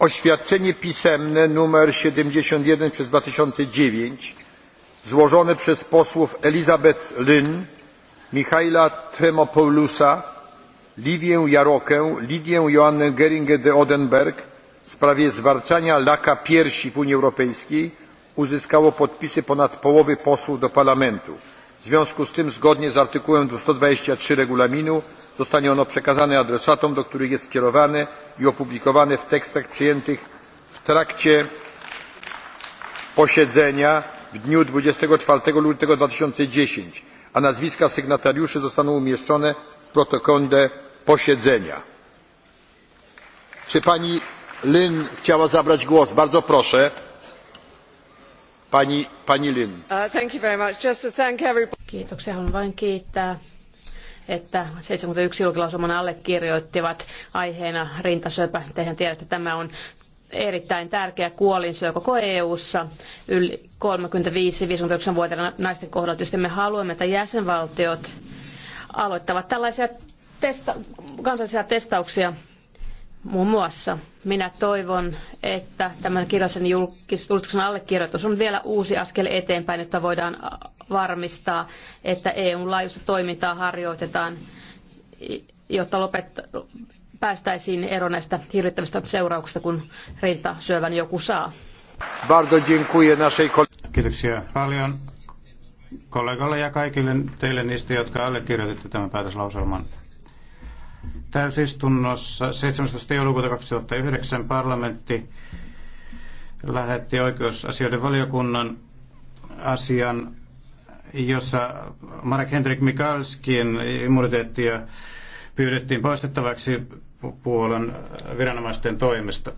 oświadczenie pisemne nr siedemdziesiąt jeden dwa tysiące dziewięć złożone przez posłów elizabeth lynn michaela tremopoulosa livię jarokę lidię joannę geringer de oedenberg w sprawie zwalczania laka piersi w unii europejskiej uzyskało podpisy ponad połowy posłów do parlamentu w związku z tym zgodnie z art. sto dwadzieścia trzy regulaminu zostanie ono przekazane adresatom do których jest skierowane i opublikowane w tekstach przyjętych w trakcie posiedzenia w dniu dwadzieścia cztery lutego dwa tysiące dziesięć r. a nazwiska sygnatariuszy zostaną umieszczone w protokole posiedzenia. czy pani lynne chciała zabrać głos? bardzo proszę. Uh, Kiitoksia. Haluan vain kiittää että 71 julkilausuman allekirjoittivat aiheena rintasyöpä. Tehän tiedätte, että tämä on erittäin tärkeä kuolinsyö koko EU-ssa yli 35-59-vuotiaiden naisten kohdalla. Tietysti me haluamme, että jäsenvaltiot aloittavat tällaisia testa- kansallisia testauksia Muun muassa minä toivon, että tämän kirjallisen julkistuksen allekirjoitus on vielä uusi askel eteenpäin, jotta voidaan varmistaa, että EUn laajuista toimintaa harjoitetaan, jotta lopet- päästäisiin eroon näistä hirvittävistä seurauksista, kun rintasyövän joku saa. Kiitoksia paljon kollegalle ja kaikille teille niistä, jotka allekirjoititte tämän päätöslauselman täysistunnossa 17. joulukuuta 2009 parlamentti lähetti oikeusasioiden valiokunnan asian, jossa Marek Hendrik Mikalskin immuniteettia pyydettiin poistettavaksi Puolan viranomaisten toimesta.